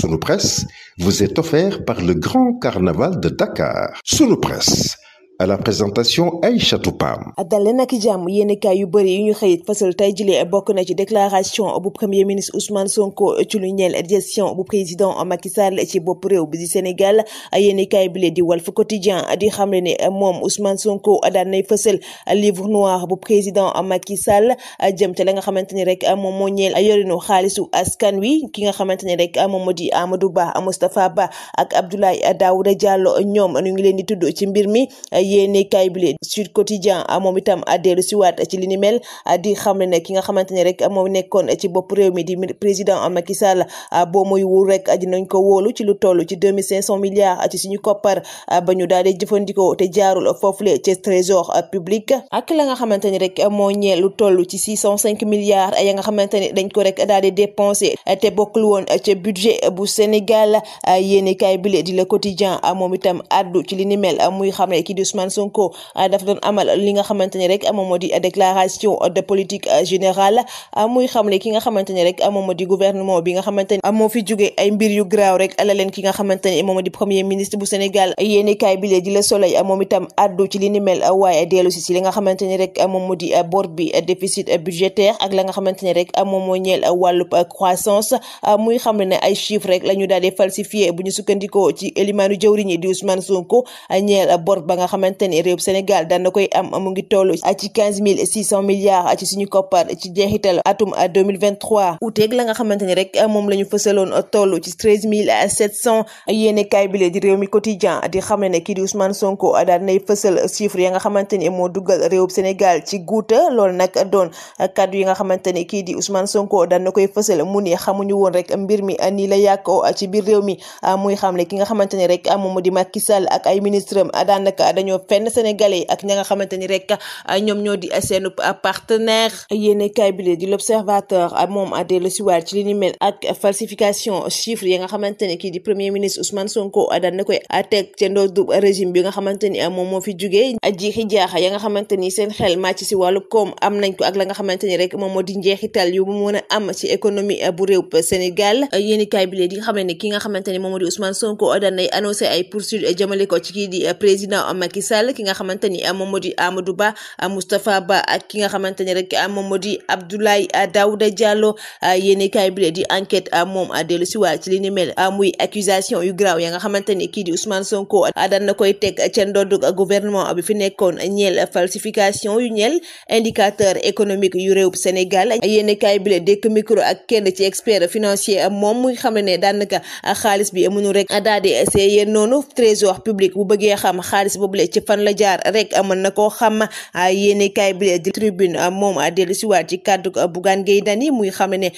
Sunu Presse vous est offert par le Grand Carnaval de Dakar. Sunu Presse à la présentation Aïcha Toupam. dal nag jàmm yéenekaay yu bëri yu ñu xëyit fasal tey jilee bokk na ci déclaration bu premier ministre Ousmane Sonko ci lu ñeel gestion bu président Macky Sall ci bopp réew bi di Sénégal yéenekaay bi lee di wal Walf Quotidien di xam ne moom Ousmane Sonko daan nay fasal livre noir bu président Macky Sall jëm te la nga xamante ni rek moom moo ñeel yorinu xaalisu askan wi ki nga xamante ni rek moom moo di Amadou Ba Moustapha Ba ak Abdoulaye Daouda Diallo ñoom ñu ngi leen di tudd ci mbir mi yéene kaay bi Sud Quotidien ah, moom itam addeelu ah, si waat ci li ni mel ah, di xamle ne ki nga xamante rek moo nekkoon ci bopp réew mi di président Macky Sall boo muy wul rek dinañ ko wóolu ci lu toll ci deux mille cinq cent milliards ci suñu koppar ba ñu daal di jëfandikoo te jaarul foofule ci trésor public ak la nga xamante rek moo ñeel lu toll ci milliards ya nga xamante dañ ko rek daal dépensé te bokkul woon ci budget bu Sénégal yéene kaay bi lee di le quotidien moom itam addu ci li ni mel muy xam ne ki di Ousmane Sonko euh, dafa doon amal li nga xamante ni rek euh, moom euh, ki nga xamante ni rek moom moo di gouvernement bi nga xamante ni la leen ki nga ni moom moo di premier ministre bu Sénégal yéeni kaay di la soleil moom itam addu ci li ni mel waaye dellu si si li nga xamante rek moom bi déficit budgétaire ak la nga moom moo ñeel wàllub croissance muy xamle ne ay chiffres rek la ñu daal di falsifié sukkandikoo ci élimaanu jëwriñ yi di Ousmane Sonko ñeel bor ba nga xamante xamante ne réew Sénégal dana koy am mu ngi toll ci quinze mille six cent milliards ci suñu koppar ci jeexital atum deux mille vingt trois uteeg la nga xamante ne rek moom la ñu fësaloon toll ci treize mille sept cent yéene kaay bile di réew mi quotidien di xam ne ne kii di nag doon di Ousmane Sonko daan na koy fësal mu ni xamuñu woon rek mbir mi nii la yàqoo ci biir réew mi muy xam ne ki nga xamante ne rek moom di Macky Sall ak ay ministre am daanaka dañoo ñoo fenn sénégalais yi ak ña nga xamante ni rek ah, ñoom ñoo di seen partenaire yéene kaay bi di l'observateur ah, moom dellu siwaat ci li ni mel ak falsification chiffre yi nga xamante ni kii di premier ministre Ousmane Sonko ah, daan na koy teg ca ndoddu ni moom moo fi jugee jiixi jaaxa ya nga xamante ni seen xel màcc si wàllu koom am nañ ko ak la nga xamante ni rek moom moo di njeexital yu mu mën a am ci économie bu réew Sénégal yéeni kaay bi di nga xam ne ki nga xamante ni moom moo di Ousmane Sonko daan nay annoncé ay poursuites jëmale ko ci kii di président Macky Sall ki nga xamante a moom moo di a Ba Moustapha Ba ak ki nga xamante ni rek moom a di Abdoulaye Daouda Diallo yéene kaay bi di enquête moom dellu si waat ci li ni mel muy accusation yu graaw ya nga xamante ni kii di Ousmane Sonko daan na koy teg ca ndodd gouvernement bi fi nekkoon ñeel falsification yu ñeel indicateur économique yu réew Sénégal yéene kaay bi dëkk micro ak kenn ci expert financier moom muy xam ne ne daanaka xaalis bi mënu rek daal di ci fan la jaar rek mën na koo xam yéene kaay bi di tribune moom dellu siwaat ci kàddu Bougane Gueye Dany muy xam ne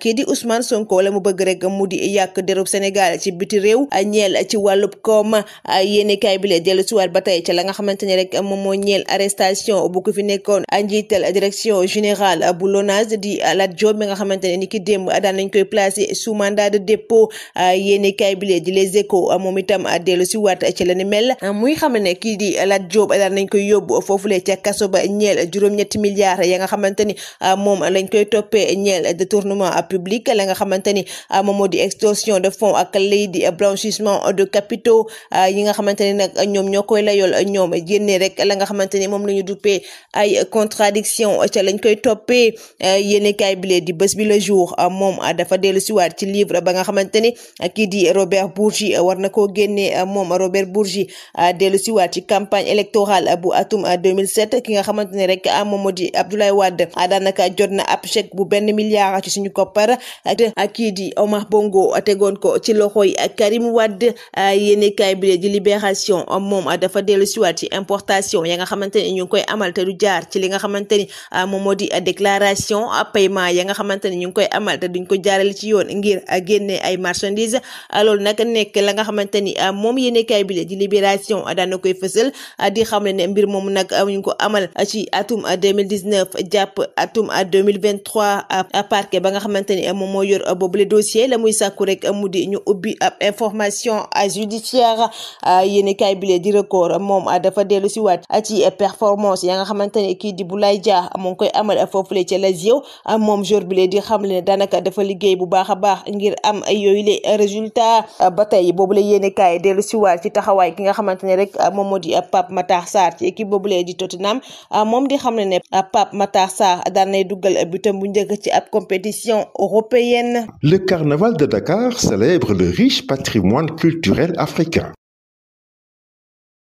kii di Ousmane Sonko la mu bëgg rek mu di yàq derub Sénégal ci biti réew ñeel ci wàllub koom yéene kaay bi si siwaat ba tey ci la nga xamante ne rek moom moo ñeel arrestation bu ko fi nekkoon njiital direction générale bu LONASE di Lat Diop mi nga xamante ne ni ki démb daan nañ koy placé sous mandat de dépôt yéene kaay bi di Les Échos moom itam dellu siwaat ci di Lat Diop daal nañ koy yóbbu foofulee ca kaso ba ñeel juróom-ñetti milliards ya nga xamante ni ah, moom lañ koy toppee ñeel détournement public la nga xamante ni ah, moom moo di extorsion de fonds ak lii di ah, yi nga xamante ni nag ñoom ñoo koy layool ñoom génne rek la nga xamante ni moom la ñu duppee ay contradiction ca lañ koy toppee yéeni kaay bilee di bés bi le jour moom dafa dellu siwaat ci livre ba nga xamante ni kii di Robert Bourgi war na koo génnee moom Robert Bourgi dellu siwaat ci campagne électorale bu atum 2007 ki nga xamante ne rek moom moo di Abdoulaye Wade daanaka jot na ab chèque bu benn milliard ci suñu koppar te kii di Omar Bongo tegoon ko ci loxoy Karim Wade yéene kaay bi di libération moom dafa dellu siwaat ci importation ya nga xamante ni ñu ngi koy amal te du jaar ci li nga xamante ni moom moo ngi koy amal te duñ ko jaarale ci yoon ngir génne ay marchandises loolu nag nekk la nga xamante ni moom yéene kaay bi di libération daana koy fës fësal ah, di xamle ne mbir moom nag ah, ñu ko amal ah, ci atum 2019 jàpp atum 2023 parquet ba nga xamante ni moom moo yor boobule dossier la muy sàkku rek mu di ñu ubbi ab information judiciaire yéeni kaay bile di ci performance ya nga moom jour bile di xamle ne daanaka dafa liggéey bu baax a baax ngir am yooyu les résultats ba tey boobule yéeni kaay dellu si waat ci taxawaay ki nga xamante ne rek moom moo di eh, Pape Matar Sarr ci équipe boobulee di Tottenham eh, moom di xam ne ne eh, Pape Matar Sarr daan duggal duggal butam bu njëkk ci ab compétition européenne. Le carnaval de Dakar célèbre le riche patrimoine culturel africain.